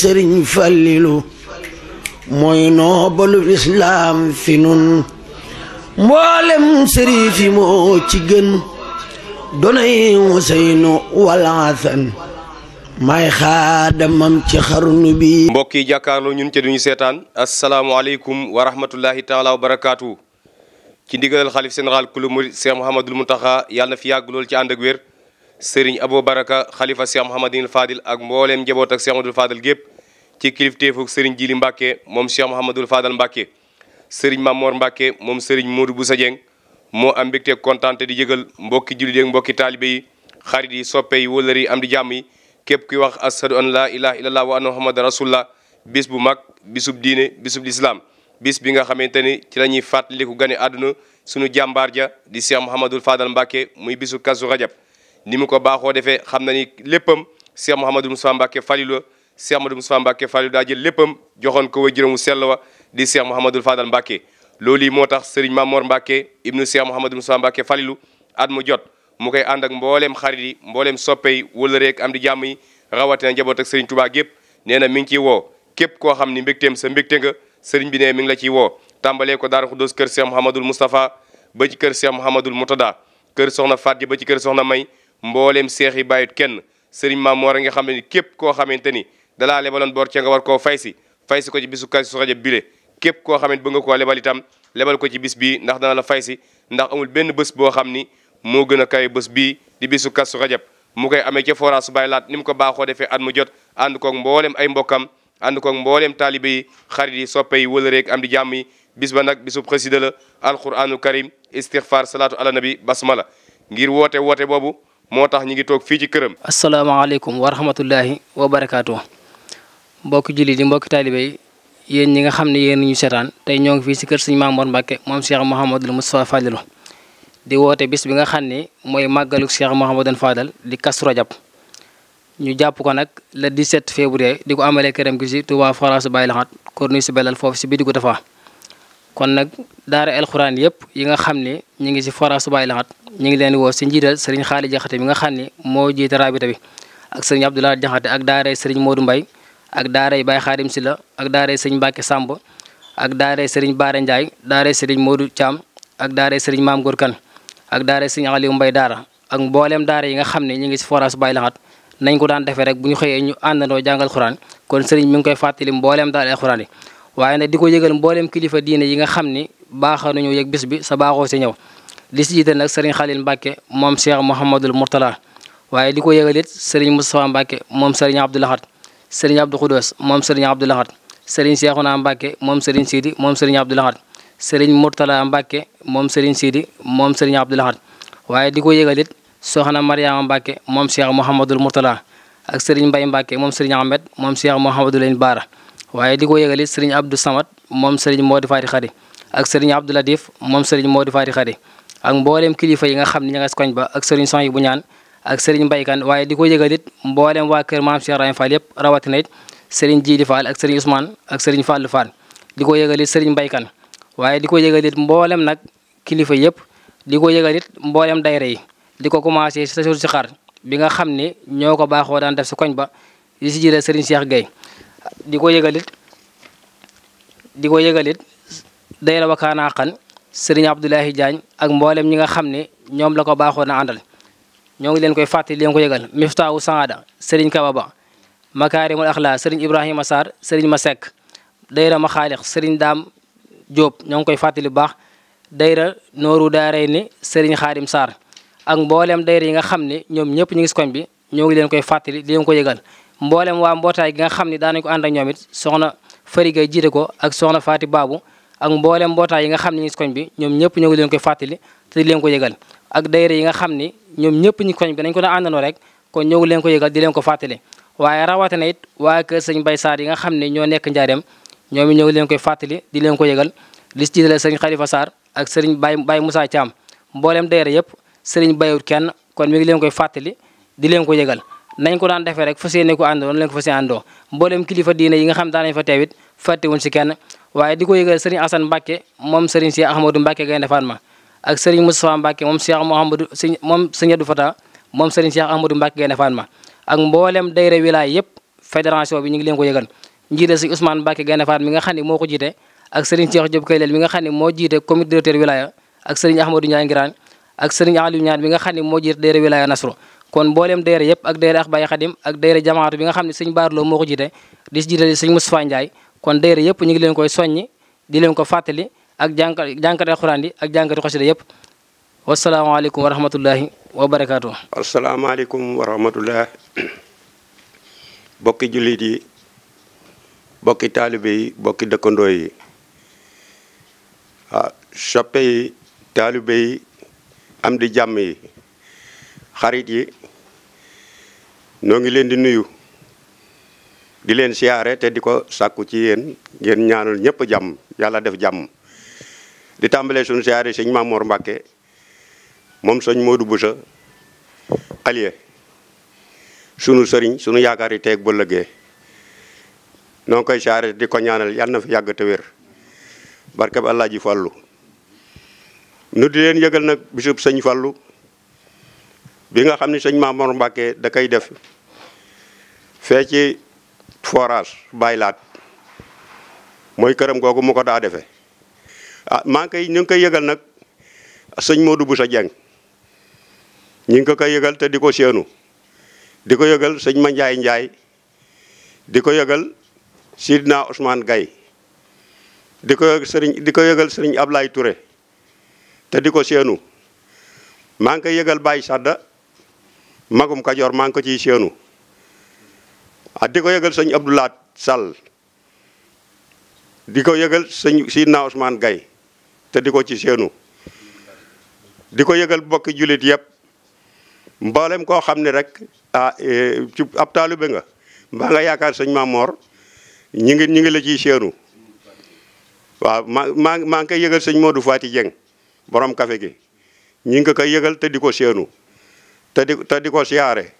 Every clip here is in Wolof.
sëriñ Fallilu mooy noobalu islaam fi nun mboolem sëriif yi moo ci gën donay Useynu wal Hasan may xaadamam ci xarnu bi mbokk yi jàkkaarloo ñun ca duñu seetaan asalaamualeykum wa rahmatullahi taala wa barakaatu ci ndigalal xalif général kulu murid Cheikh Mouhamadul Mountakha yàlla na fi yàgg lool ci ànd ak wér sëriñ Abou Baraka xalifa Cheikh Mouhamadinil Fadil ak mbooleem njaboot ak Cheikh Mouhamadul Fadal gépp ci kilifteefug sëriñ Jili Mbàkke moom Cheikh Mouhamadul Fadal Mbàkke sëriñ Mamor Mbàkke moom sëriñ Modou bu Dieng moo am mbégte di yëgal mbokki jullit yi mbokki taalibe yi xarit yi soppe yi wëllëri yi am di jàmm yi képp kuy wax ashadu an laa ilaha illallah wa anna muhammadan rasulullah bis bu mag bisub diine bisub lislaam bis bi nga xamante ni ci la ñuy fàttaliku gane àdduna suñu jàmbaar ja di Cheikh Mouhamadul Fadal Mbàkke muy bisu kasu rajab ni mu ko baaxoo defee xam na ni léppam Cheikh Mouhamadou Moustapha Mbacké Falilou Cheikh Mouhamadou Moustapha Mbacké Falilou daa jël léppam joxoon ko way juróomu sell wa di Cheikh Mouhamadou Fadal Mbacké loolu yi moo tax Serigne Mamor Mbacké ibnu Cheikh Mouhamadou Moustapha Mbacké Falilou at mu jot mu koy ànd ak mbooleem xarit yi mbooleem soppe wala rek am di jàmm yi rawatina njaboot ak Serigne Touba gépp nee na mi ngi ciy woo képp koo xam ni mbégteem sa mbégte nga Serigne bi ne mi ngi la ciy woo tàmbalee ko Daaru Xuddoos kër Cheikh Mouhamadou Moustapha ba ci kër Cheikh Mouhamadou Moutada kër soxna Faat ji ba ci kër soxna May mbooleem seex yi bàyyut kenn sëriñ maam moo a nga xam ne ni képp koo xamante ni dalaa lebaloon boor ca nga war koo fay si fay si ko ci bisu Kazu Rajab bile képp koo xamante ba nga koo lebal itam lebal ko ci bis bi ndax dana fay si ndax amul benn bés boo xam ni moo gën a kawe bés bi di bisu Kazu Rajab mu koy amee ca forage su bàyyi laat ni mu ko baaxoo defee at mu jot ànd koog mbooleem ay mbokkam ànd koog mbooleem taalibe yi xarit yi soppe yi wëla reeg am di jàmm yi bis ba nag bisub xasida la alquranul karim istixfar salaatu ala nabi basmala ngir woote woote boobu moo tax ñu ngi toog fii ci këram. asalaamaaleykum wa rahmatullahi wa barakaatu. mbokki julli di mbokki taalibe yi yéen ñi nga xam ne yéen ñu seetaan tey ñoo ngi fii si kër sëñ Maam Mor Mbàkke moom Cheikh Mouhamadul Moustapha Fadilou di woote bis bi nga xam ne mooy màggalu Cheikh Mouhamadul Fadal di Kazu jàpp ñu jàpp ko nag le 17 février di ko amalee këram gi si Touba Forage Baye Lahat corniche si belal foofu si biir Goutte kon nag daara alxuraan yëpp yi nga xam ne ñu ngi si forage Touba Ilahat ñu ngi leen woo si njiital sëriñ Xaali Jaxate mi nga xam ne moo jiite rabita bi ak sëriñ Abdoulaye Jaxate ak daaray sëriñ Modou Mbay ak daaray Baye Xaadim Silla ak daaray sëriñ Mbàkke Sàmb ak daaray sëriñ Baara Ndiaye daaray sëriñ Modou Thiam ak daaray sëriñ Maam Góor Kan ak daaray sëriñ Aliou Mbay daara ak mbooleem daara yi nga xam ne ñu ngi si forage Touba nañ ko daan defee rek bu ñu xëyee ñu àndandoo jàngal xuraan kon sëriñ mi ngi koy fàttali mbooleem daara waaye nag di ko yëgal mboolem kilifa diine yi nga xam ni baaxa nañu yëg bis bi sa baaxoo si ñëw di si jiital nag sëriñ Xalil Mbàkke moom Cheikh Mouhamadul Mourtala waaye di ko yëgal it sëriñ Moustapha Mbàkke moom sëriñ Abdou Lahad sëriñ Abdou Khoudous moom sëriñ Abdou Lahad sëriñ Cheikhouna Mbàkke moom sëriñ Sidi moom sëriñ Abdou Lahad sëriñ Mourtala Mbàkke moom sëriñ Sidi moom sëriñ Abdou Lahad waaye di ko yëgal it soxna Mariama Mbàkke moom Cheikh Mouhamadul Mourtala ak sëriñ Mbay Mbàkke moom sëriñ Ahmed moom Cheikh Mouhamadou Leen Baara waaye di ko yëgali sëriñ Abdou Samad moom sëriñ Modou Fati Khady ak sëriñ Abdou Latif moom seriñ Modou Fati Khady ak mbooleem kilifa yi nga xam ne ña nga koñ ba ak sëriñ Soxna bu ñaan ak sëriñ Mbaykan waaye di ko yëgalit mbooleem waa kër maam Cheikh Rahim yëpp rawatina it sëriñ Jidi ak sëriñ Ousmane ak sëriñ Fallou Fall di ko yëgalit sëriñ Mbaykan waaye di ko yëgalit mbooleem nag kilifa yëpp di ko yëgalit mbooleem dayra yi di ko commencé si sa bi nga xam ne ñoo ko baaxoo daan def si koñ ba di si jiital sëriñ Cheikh Gueye di ko yëgalit di ko yëgalit dayra Wakana Haqqan sëriñ Abdoulaye Diagne ak mboolem ñi nga xam ne ñoom la ko baaxoon a àndal ñoo ngi leen koy fàttali leen ko yëgal Miftaahu Saada sëriñ Kababa Makaarimul Axlaa sëriñ Ibrahima Sarr sëriñ Masek dayra Maxaalix sëriñ Daam Diop ñoo ngi koy fàttali bu baax dayra Nooru Daaray ni sëriñ Xaadim Sarr ak mboolem dayra yi nga xam ne ñoom ñëpp ñu ngi si bi ñoo ngi leen koy fàttali di leen ko yëgal mboolem waa mbootaay gi nga xam ne daanañu ko ànd ak ñoom it soxna farigay jiite ko ak soxna faati baabu ak mboolem mbootaay yi nga xam ne ñu ngi si bi ñoom ñëpp ñu ngi leen koy fàttali te leen ko yëgal ak daayira yi nga xam ni ñoom ñëpp ñi koñ bi nañ ko na àndandoo rek kon ñëw leen ko yëgal di leen ko fàttali waaye rawatina it waa kër sëñ Bay yi nga xam ne ñoo nekk njaareem ñoom it ñëw leen koy fàttali di leen ko yëgal li si jiitale sëriñ Xalifa Saar ak sëriñ Bay Bay Moussa Thiam mboolem daayira yëpp sëriñ bayut kenn kon mi ngi leen koy fàttali di leen ko yëgal nañ ko daan defee rek fas yéene ko àndoo noonu lañ ko fas yéene àndoo mboolem kilifa diine yi nga xam daan nañ fa teewit fàttewuñ si kenn waaye di ko yëgal sëriñ Assane Mbacke moom sëriñ Cheikh Ahmadou Mbacke Gaynde Fatma ak sëriñ Moustapha Mbacke moom Cheikh Mouhamadou sëñ moom sëñ Abdou Fata moom sëriñ Cheikh Ahmadou Mbacke Gaynde Fatma ak mboolem dayra wilaay yëpp fédération bi ñu ngi leen ko yëgal njiite sëñ Ousmane Mbacke Gaynde Fatma mi nga xam ne moo ko jiite ak sëriñ Cheikh Diop Kaylel mi nga xam ne moo jiite comité directeur wilaya ak sëriñ Ahmadou Ndiaye Ngiraan ak sëriñ Aliou Niane mi nga xam ne moo jiite dayra wilaya Nasro kon mboolem daayira yëpp ak daayira Axbaay Xadim ak daayira jamaatu bi nga xam ne sëñ Baarloo moo ko jiite di si jiitali sëñ Moustapha kon daayira yëpp ñu ngi leen koy soññi di leen ko fàttali ak jànk jànkati alxuraan ak jànkati xasida yëpp wasalaamaaleykum wa rahmatullahi wa barakaatu. asalaamaaleykum wa rahmatullah bokki jullit yi bokki taalibe bokki dëkkandoo yi waaw ah, soppe yi am di jàmm yi xarit yi noo ngi leen di nuyu di leen siyaare te di ko sàkku ci yéen ngeen ñaanal ñëpp jàmm yàlla def jàmm di tàmbalee suñu siyaare sëñ Mamoor Mbàkke moom sëñ Moodu Busa xaliye sunu sëriñ sunu yaakaar yi teeg ba lëggee noo koy siyaare di ko ñaanal yàlla na fi yàgg te wér Allaaji Fàllu nu di leen yëgal nag bisub sëñ Fàllu bi nga xam ne sëñ Mamoor Mbàkke da koy def fee ci forage bàyyi laat mooy këram googu mu ko daa defee ah maa ngi koy ñu ngi koy yëgal nag sëñ Modou Boussa Dieng ñu ngi ko koy yëgal te di ko séenu di ko yëgal sëñ Ma Njaay Njaay di ko yëgal Sidna Ousmane gay di ko yëg sëriñ di ko yëgal sëriñ Ablaye Touré te di ko séenu maa ngi koy yëgal Baye Sadda magum Kajoor maa ngi ko ciy séenu a ah, di ko yëgal sëñ Abdoulaat Sall di ko yëgal sëñ Sidna Ousmane Gaye te di ko ci seenu di ko yëgal bokki jullit yëpp mboolem koo xam ne rek ah eh, ci ab taalibe nga mbaa nga yaakaar sëñ Mamor ñi ngi ñi ngi la ciy seenu waaw ma maa maa ngi koy yëgal sëñ Modou Fati Dieng borom café gi ñi ngi koy yëgal te di ko seenu te di di ko siyaare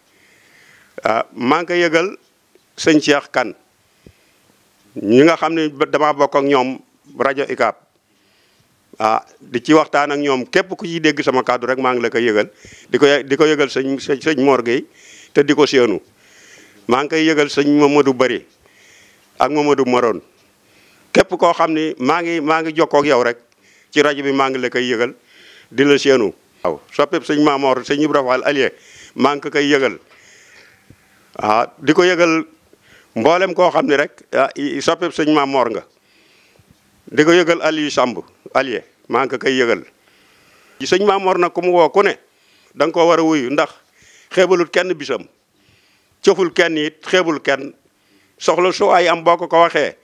ah maa ngi koy sëñ Cheikh Kane ñi nga xam ne dama bokk ak ñoom rajo ICAP a ah, di ci waxtaan ak ñoom képp ku ciy dégg sama kàddu rek maa ngi la koy yëgal di ko di ko yëgal sëñ sëñ Mor Gueye te di ko séenu maa ngi koy yëgal sëñ Mamadou Bari ak Mamadou Morone képp koo xam ni maa ngi maa ngi jokkoo yow rek ci rajo bi maa ngi la koy yëgal di la séenu. waaw sëñ Maamoor sëñ Ibrahima maa ngi ko koy yëgal. Ah, mboolem koo xam ne rek ah, soppe sëñ Maam Moor nga di ko yëgal Aliou Samb Alié maa ngi ko koy yëgal ji sëñ Maam Moor nag ku mu woo ku ne da nga koo war a wuyu ndax xeebalut kenn bisam cëful kenn yit xeebul kenn soxla su ay am boo ko ko waxee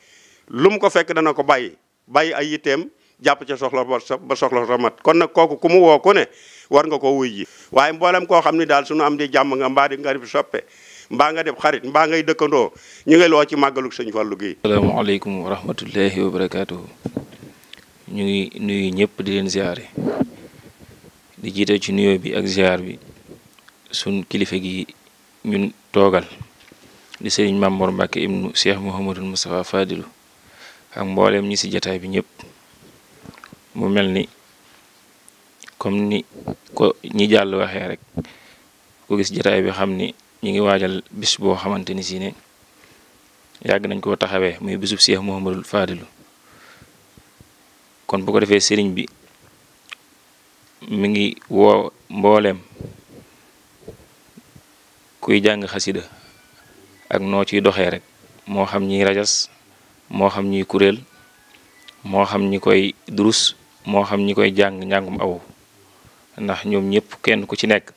lu mu ko fekk dana ko bàyyi bàyyi ay yitteem jàpp ca soxla ba soxla sa mat kon nag kooku ku mu woo ku war nga ko wuy ji waaye mboolem koo xam ne daal suñu am di jàmm nga mbaa di nga di soppe mbaa nga def xarit mbaa ngay dëkkandoo ñu ngi loo ci màggalug sëñ Fallou gi asalaamaaleykum wa rahmatullahi wa barakaatuhu ñu ngi nuyu ñëpp di leen ziare di jiita ci nuyoo bi ak ziar bi suñ kilifa gi ñun toogal di sëriñ Mamour Mbacke ibnu Cheikh Mouhamadul Moustapha Fadilu ak mbooleem ñi ci jataay bi ñëpp mu mel ni comme ni ko ñi jàll waxee rek ku gis jataay bi xam ni ñu ngi waajal bis boo xamante ni si ne yàgg nañ koo taxawee muy bisub si Seex Muhammadul Faadilu kon bu ko defee sëriñ bi mi ngi woo mbooleem kuy jàng xasida ak noo ciy doxee rek moo xam ñi rajas moo xam ñi kuréel moo xam ñi koy durus moo xam ñi koy jàng njàngum aw ndax ñoom ñëpp kenn ku ci nekk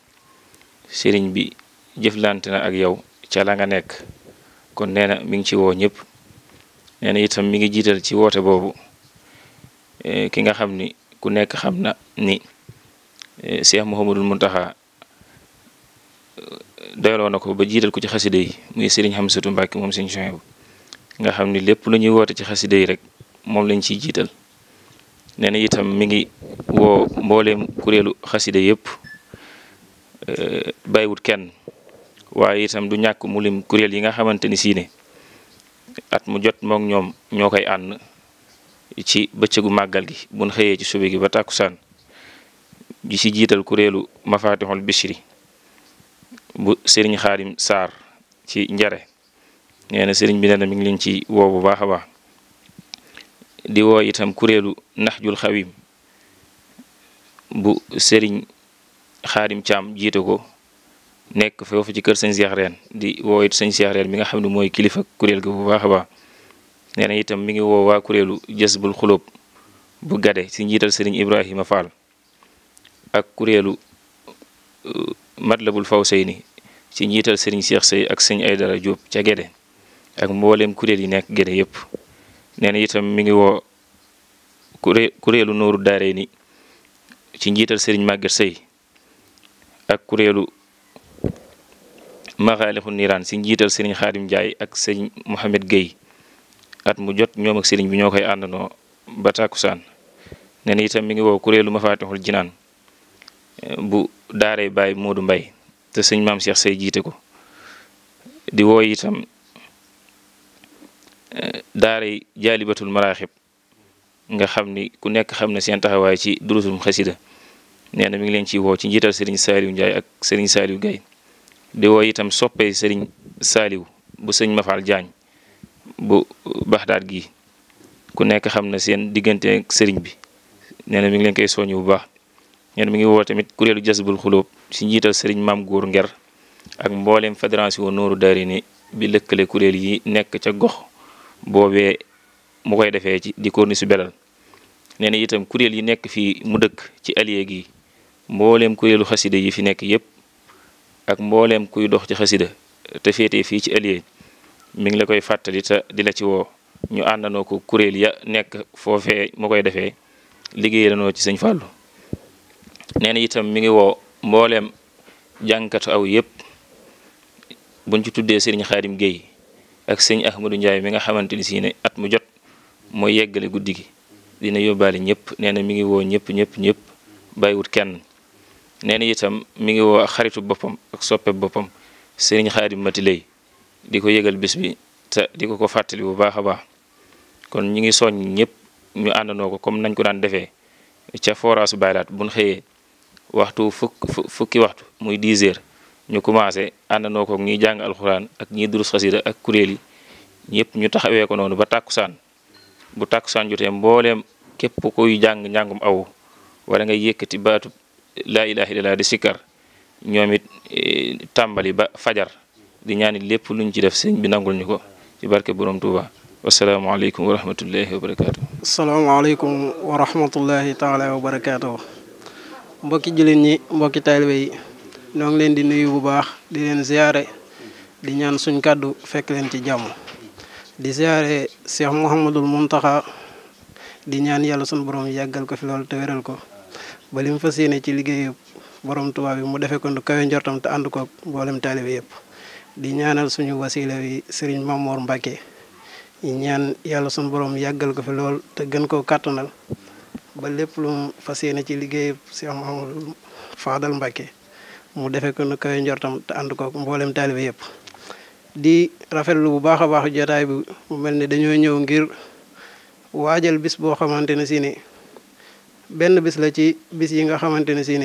sëriñ bi jëflante na ak yow ca la nga nekk kon nee na mi ngi ci woo ñëpp nee na itam mi ngi jiital ci woote boobu e, ki nga xam ni ku nekk xam na ni e, Cheikh mun Mountakha e, doyloo na ko ba jiital ko ci xasida yi muy xam Hamsatu Mbàkke moom Serigne Souhaïbou nga xam ni lépp lu ñuy woote ci xasida yi rek moom lañ ciy jiital nee na itam mi ngi woo mbooleem kuréelu xasida yëpp bàyyiwut kenn waaye itam du ñàkk mulim lim kuréel yi nga xamante ni sii ne at mu jot mook ñoom ñoo koy ànd ci bëccëgu màggal gi buñ xëyee ci suba gi ba tàkkusaan ji ci jiital kuréelu mafatihul bishri bu sëriñ xaarim saar ci njare nee na sëriñ bi nee na mi ngi leen ci woo bu baax a baax di woo itam kuréelu naxjul xawim bu sëriñ xaadim caam jiite ko nekk foofu ci kër sëñ Cheikh Reen di woo it sëñ Cheikh Reen mi nga xam ne mooy kilifa kuréel gi bu baax a baax nee na itam mi ngi woo waa kuréelu Jazbul Xulóob bu gade si njiital sëriñ Ibrahima Fall ak kuréelu uh, Matlabul Fawsayni ci njiital sëriñ Cheikh sëy ak sëñ Aydara Diop ca gede ak mbooleem kuréel yi nekk gede yépp nee na itam mi ngi woo kuré kuréelu Nooru ni ci njiital sëriñ Maguette Sey ak kuréelu maxaalifu niiraan si njiital seriñ xaadim Ndiaye ak sëriñ Mohamed Guèye at mu jot ñoom ak sëriñ bu ñoo koy àndandoo ba tàkkusaan nee na itam mi ngi woo kuréelu mafaatixul jinaan eh, bu daaree Baye Modou Mbaye te sëñ maam Cheikh say jiite ko di woo itam eh, daaray jaalibatul maraaxib nga xam ni ku nekk xam ne seen taxawaay ci durusum xasida nee na mi ngi leen ciy woo ci njiital sëriñ Saliou njaay ak sëriñ Saliou Guèye di woy itam soppe sëriñ saaliw bu sëñ Mafal Jaañ bu baxdaat gi ku nekk xam na seen diggante sëriñ bi nee na mi ngi leen koy soññ bu baax nee na mi ngi woo tamit kuréelu jasbul xulóob si njiital sëriñ maam góor nger ak mbooleem fédération nooru daari ni bi lëkkale kuréel yi nekk ca gox boobee mu koy defee ci di korni si belal nee itam kuréel yi nekk fii mu dëkk ci allié gi mbooleem kuréelu xasida yi fi nekk yépp ak mbooleem kuy dox ci xasida te féetee fii ci Alieu mu ngi la koy fàttali te di la ci woo ñu àndanoo ko kuréel ya nekk foofe mu koy defee liggéey liggéeyanoo ci sëñ Fallou nee na itam mi ngi woo mbooleem jànkatu aw yëpp buñ ci tuddee sëriñ Xaadim Géey ak sëñ Ahmadou njaay mi nga xamante ni si ne at mu jot mooy yeggale guddi gi dina yóbbaale ñëpp nee na mi ngi woo ñëpp ñëpp ñëpp bàyyiwut kenn nee na itam mi ngi woo xaritu boppam ak soppe boppam sëriñ xaadim mati lay di ko yëgal bis bi te di ko ko fàttali bu baax a baax kon ñi ngi soñ ñëpp ñu àndandoo ko comme nañ ko daan defee ca forage baylaat buñ xëyee waxtu fukk fukki waxtu muy 10 heures ñu commencé àndandoo ko ñiy jàng alxuraan ak ñiy durus xasida ak kuréel yi ñëpp ñu taxawee ko noonu ba tàkkusaan bu tàkkusaan jotee mbooleem képp koy jàng njàngum aw wala nga yëkkati baatu laa ilaha illallah di sikkar ñoom it e, tàmbali ba fajar di ñaani lépp luñ ci def sëñ bi nangul ñu ko ci barke borom Touba asalaamaaleykum wa rahmatullahi wa barakaatu. asalaamaaleykum wa rahmatullahi mbokki jullit ñi mbokki taalibe yi ñoo ngi leen di nuyu bu baax di leen ziare di ñaan suñ kàddu fekk leen ci jàmm di am Cheikh Mouhamadul taxa di ñaan yàlla suñu borom yàggal ko fi loolu te ko. ba li mu fas yéene ci liggéey borom Tuubaa yi mu defee ko nu kawe njortam te ànd yëpp di ñaanal suñu wasila bi Serigne Mamour Mbacke ñaan yàlla suñu borom yàggal ko fi lool te gën koo kàttanal ba lépp lu mu fas yéene ci liggéey Cheikh Mamadou mu defee njortam ànd koog mboolem taalibe yëpp. di rafetlu bu baax a baax jotaay bi mu mel ni dañoo ñëw ngir waajal bis boo xamante ne si benn bis la ci bis yi nga xamante ne si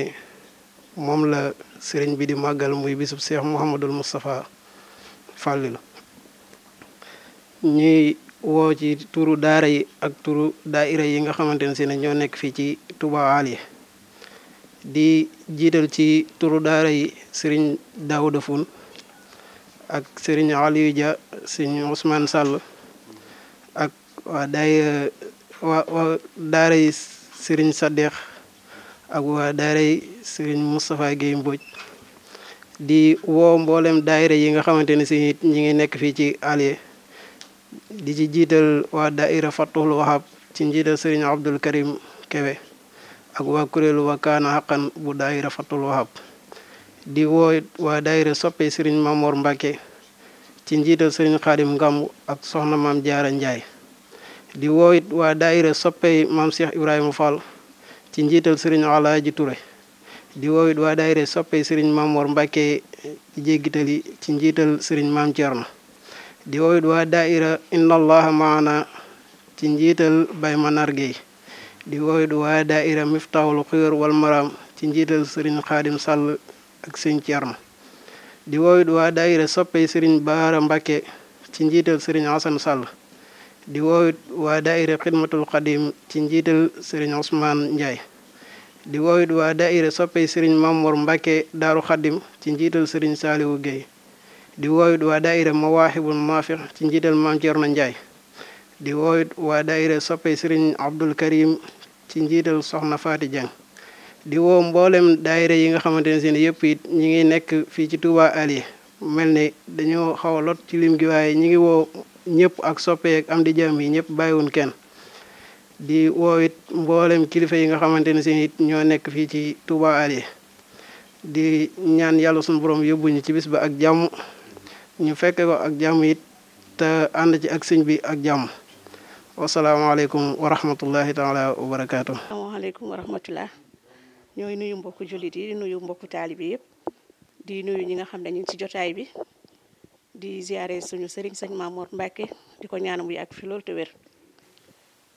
moom la sëriñ bi di màggal muy bisub Cheikh Mouhamadul Moustapha Fallilou ñuy woo ci turu daara yi ak turu daaira yi nga xamante ne si ne ñoo nekk fii ci Touba Aliya di jiital ci turu daara yi sëriñ Daouda Foun ak sëriñ Aliou Dia sëriñ Ousmane Sall ak waa daay waa waa daara yi sëriñ Sadeex ak waa daaray sëriñ Moustapha Guèye Mbodj di woo mboolem daayira yi nga xamante ne si ñi ngi nekk fii ci Allié di ci jiital waa daaira Fatul Wahab ci njiital sëriñ Abdul Karim Kebe ak waa kuréelu Wakana Haqqan bu daaira Fatul Wahab di woo waa daaira soppe sëriñ Mamor Mbacke ci njiital sëriñ Xaadim Ngamb ak soxna maam Jaara Njaay di woo it waa daayira soppey maam Cheikh Ibrahima Fall ci njiital sëriñ Alaaji Touré di woo it waa daayira soppey sëriñ maam Mor Mbàkke jéggital yi ci njiital sëriñ maam Thierno di woo it waa daayira inna allaha maana ci njiital Baye Manar di woo it waa daayira Miftahul Xuyur wal Maram ci njiital sëriñ Xaadim Sàll ak sëriñ Thierno di woo it waa daayira soppey sëriñ Baara Mbàkke ci njiital sëriñ Asan Sàll di woowit waa daaira xidmatul xadim ci njiital sëriñ Ousmane Ndiaye di woowit waa daaira soppey sëriñ Mamour Mbacke daaru xadim ci njiital sëriñ Saliou Guèye di woowit waa daaira mawaahibul maafiq ci njiital Maam na Ndiaye di woowit waa daaira soppey sëriñ Abdul Karim ci njiital soxna Faati Dieng di woo mboolem daaira yi nga xamante ne seen yëpp ñi ngi nekk fii ci Touba Alieu mel ne dañoo xaw lot ci lim gi waaye ñi ngi woo ñëpp ak soppe ak am di jàmm yi ñëpp bàyyiwun kenn di woowit mboolem kilifa yi nga xamante ne si nit ñoo nekk fii ci Touba yi di ñaan yàlla suñu borom yóbbuñu ci bis ba ak jàmm ñu fekk ko ak jàmm it te ànd ci ak sëñ bi ak jàmm wasalaamaaleykum wa rahmatullahi taala wa barakaatu. asalaamaaleykum wa ñooy nuyu mbokku jullit yi di nuyu mbokku taalibi yëpp di nuyu ñi nga xam ne ñu ngi ci jotaay bi. di ziare suñu seriñ sëñ Mamour Mbacke di ko ñaanal muy ak fi loolu te wér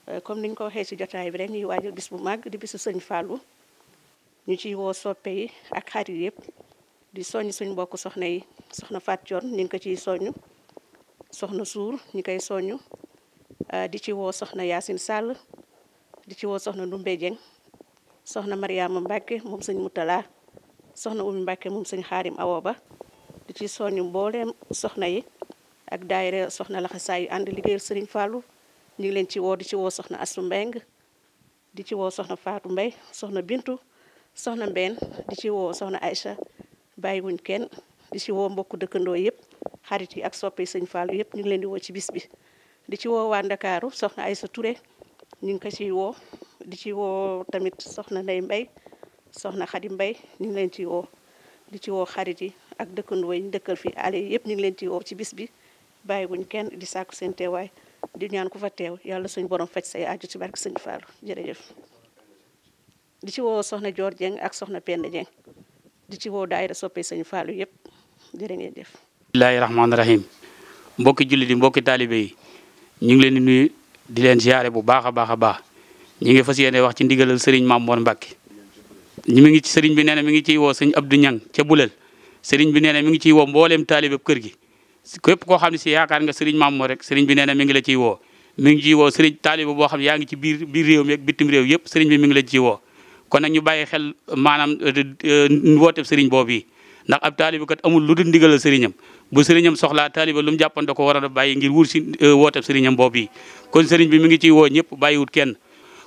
euh, comme niñ ko waxee ci jotaay bi rek ñuy waajal bis bu mag di bisu sëñ Fallou ñu ciy woo soppe ak xarit yëpp di soññ suñ mbokk soxna yi soxna Fat Thion ñu ngi ko ciy soññ soxna Suur ñu koy soññ euh, di ci woo soxna Yacine Sall di ci woo soxna Ndumbe Dieng soxna Mariama Mbacke moom sëñ mutala soxna Oumy Mbacke moom sëñ Xaarim Awoba di ci soññu mbooleem soxna yi ak daayira soxna laxasaay yi ànd liggéeyal Serigne Fallou ñu ngi leen ci woo di ci woo soxna Astu Mbeng di ci woo soxna Faatu Mbay soxna Bintu soxna Mbeen di ci woo soxna Aïcha bàyyiwuñ kenn di ci woo mbokku dëkkandoo yëpp xarit yi ak soppe Sëñ Fallou yëpp ñu ngi leen di woo ci bis bi di ci woo waa Ndakaaru soxna Aïssa Touré ñu ngi ko ciy woo di ci woo tamit soxna Ndey Mbay soxna Xadi Mbay ñu ngi leen ci woo di ci woo xarit yi ak dëkkandoo yi ñu dëkkal fii ale yëpp ñu ngi leen ci woo ci bis kenn di sàkku seen teewaay di ñaan ku fa teew yàlla suñu borom faj say aju ci barke sëñ Fallou jërëjëf. di ci woo soxna Dior Dieng ak soxna Penda Dieng di ci woo daayira soppee sëñ Fallou yëpp jërë ngeen jëf. bismillaahi rahmaani rahim mbokki jullit yi mbokki taalibe yi ñu ngi leen di nuyu di leen ziare bu baax a baax a baax ñu ngi wax ci ndigalal sëriñ Mamour Mbacke. ñu mi ngi sëriñ bi nee mi ngi ciy woo sëñ Abdou Niang ca sëriñ bi nee na mi ngi ciy woo mbooleem taalibe kër gi képp koo xam ne si yaakaar nga sëriñ Maam Mor rek sëriñ bi nee na mi ngi la ciy woo mi ngi ciy woo sëriñ taalibe boo xam ne yaa ngi ci biir biir réew mi ak bitim réew yëpp sëriñ bi mi la ciy woo kon nag ñu bàyyi xel maanaam euh, wooteb sëriñ boobu yi ndax ab taalibe kat amul lu dul ndigalal sëriñam bu sëriñam soxlaa taaliba lu mu jàppoon da a bàyyi ngir wur si euh, wooteb sëriñam boobu kon sëriñ bi mi ngi ciy woo ñëpp bàyyiwut kenn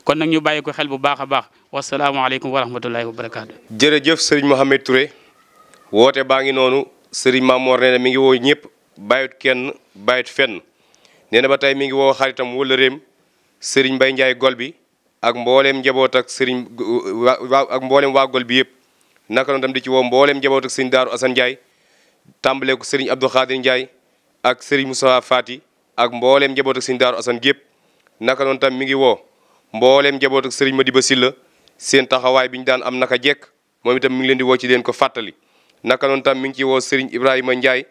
kon nag ñu bàyyi ko xel bu baax a baax wasalaamualeykum wa rahmatullahi wa barakaatu jërëjëf sëriñ Mohamed Touré woote baa ngi noonu sëriñ Mamor nee na mi ngi woo ñëpp bàyyut kenn bàyyut fenn nee na ba tey mi ngi woo xaritam wala reem sëriñ Mbay Njaay gol bi ak mbooleem njaboot ak sëriñ waa ak mbooleem waa bi yëpp naka noonu tam di ci woo mbooleem njaboot ak sëriñ Daaru Asan Njaay tàmbalee ko sëriñ Abdou Xaadir Njaay ak sëriñ Moussa Fati ak mbooleem njaboot ak sëriñ Daaru Asan gépp naka noonu tam mi ngi woo mbooleem njaboot ak sëriñ Madiba Silla seen taxawaay bi ñu daan am naka jekk moom itam mi ngi leen di woo ci leen ko fàttali naka noonu tam mi ngi ci woo Serigne Ibrahima Ndiaye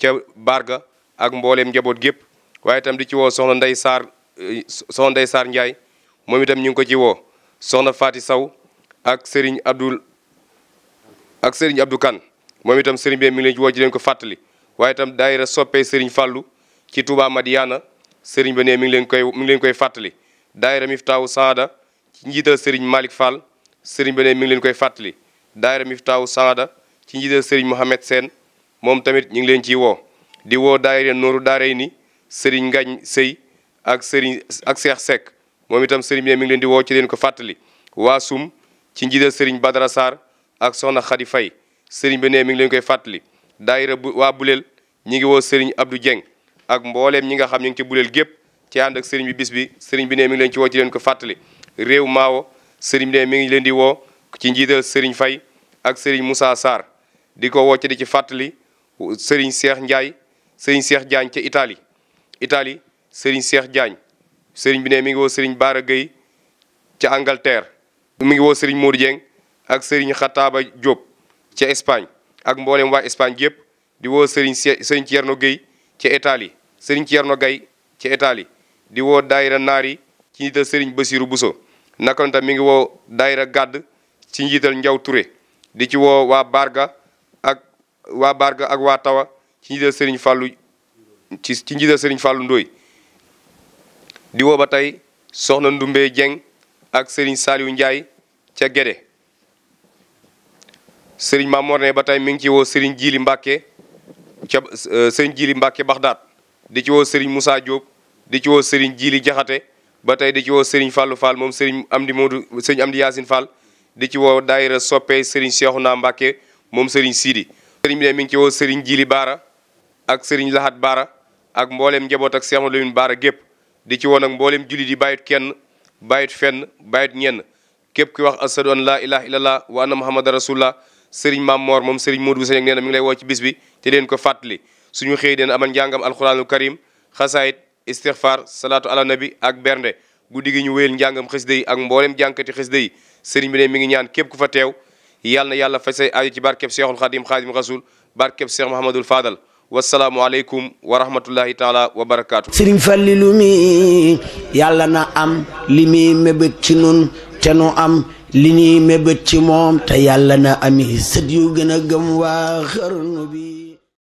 ca Barga ak mbooleem njaboot gépp waaye itam di ci woo soxna Ndey Saar eh, soxna Ndey Saar Ndiaye moom itam ñu ngi ko ci woo soxna Faati Saw ak Serigne Abdoul ak Serigne Abdou Kane moom itam Serigne bi mi ngi leen leen ko fàttali waaye itam daayira soppee Serigne Fàllu ci Touba Madiana Serigne bi ne mi ngi leen koy mi ngi leen koy fàttali daayira Miftaahu Saada njiital Serigne Malick Fall Serigne bi ne mi ngi leen koy fàttali daayira Miftaahu Saada ci njiital sëriñ Mouhamed Sène moom tamit ñu ngi leen ciy woo di woo daayira nooru daaray ni sëriñ ngañ Sëy ak sëriñ ak Cheikh Seck moom itam sëriñ bi mi ngi leen di woo ci leen ko fàttali waa sum ci njiital sëriñ Badara Sarr ak soxna Khady Faye sëriñ bi ne mi ngi leen koy fàttali daayira bu waa buleel ñi ngi woo sëriñ Abdou Dieng ak mbooleem ñi nga xam ñu ngi ci buleel gépp ci ànd ak bis bi sëriñ bi ne mi ngi leen woo ci leen ko fàttali réew maawo sëriñ bi mi ngi leen di woo ci njiital sëriñ Faye ak sëriñ Moussa Sarr di ko wocc di ci fàttali Serigne Cheikh Ndiaye Serigne Cheikh Diagne ca itali itali Serigne Cheikh Diagne sëriñ bi ne mi ngi woo Serigne Bara Gueye ca Angleterre mi ngi woo Serigne Modou Dieng ak Serigne Xataaba Diop ca Espagne ak mboolem wa Espagne yëpp di woo Serigne Serigne Thierno Gueye ca Italie Serigne Thierno Gueye ca Italie di woo daayira naari yi ci njiital Serigne Bassirou Bousso naka tam mi ngi woo daayira gàdd ci njiital Njaw Touré di ci woo waa Barga waa Barga ak waa Tawa ci njiital Serigne Fallou ci ci njiital Serigne Fallou Ndoye di woo ba tey soxna ndumbee jeng ak Serigne Saliou Ndiaye ca Guédé Serigne Mamor ne ba tey mi ngi ci woo Serigne jiili Mbacke ca euh, Serigne Jili Mbacke Baxdaat di ci woo Serigne Moussa Diop di ci woo Serigne Jili Jaxate ba tey di ci woo Serigne Fallou Fall moom Serigne Amdi Modou Serigne di ci woo daayira soppee Serigne Cheikhouna Mbacke moom Serigne Sidi sëriñ bi ne mi ngi ci woo sëriñ Jili Baara ak sëriñ Lahat Baara ak mbooleem njaboot ak Cheikh Lamine Baara gépp di ci woon ak mbooleem jullit yi bàyyit kenn bàyyit fenn bàyyit ñenn képp ku wax a asadu an laa ilaha illallah wa anna muhammadan rasulullah seriñ Maam Moor moom sëriñ Moodu bu sañ ak nee mi ngi lay woo ci bis bi te leen ko fàttali suñu xëy deen amal njàngam alquranul karim xasaayit istixfar salaatu ala nabi ak bernde guddi gi ñu wéyal njàngam xasida yi ak mbooleem jànkati xasida yi sëriñ bi ne mi ngi ñaan képp ku fa teew yal na yàlla fay say aajo ci barkeb Seexul Xadim Xadim Rasul barkeb Seex Muhammadul Fadal wasalaamualeykum wa rahmatullahi taala wa barakaatu. Sëriñ Fallilu mi yàlla na am li muy mébét ci nun te nu am li ñuy mébét ci moom te yàlla na ami sët yu gën a gëm waa xarnu bi.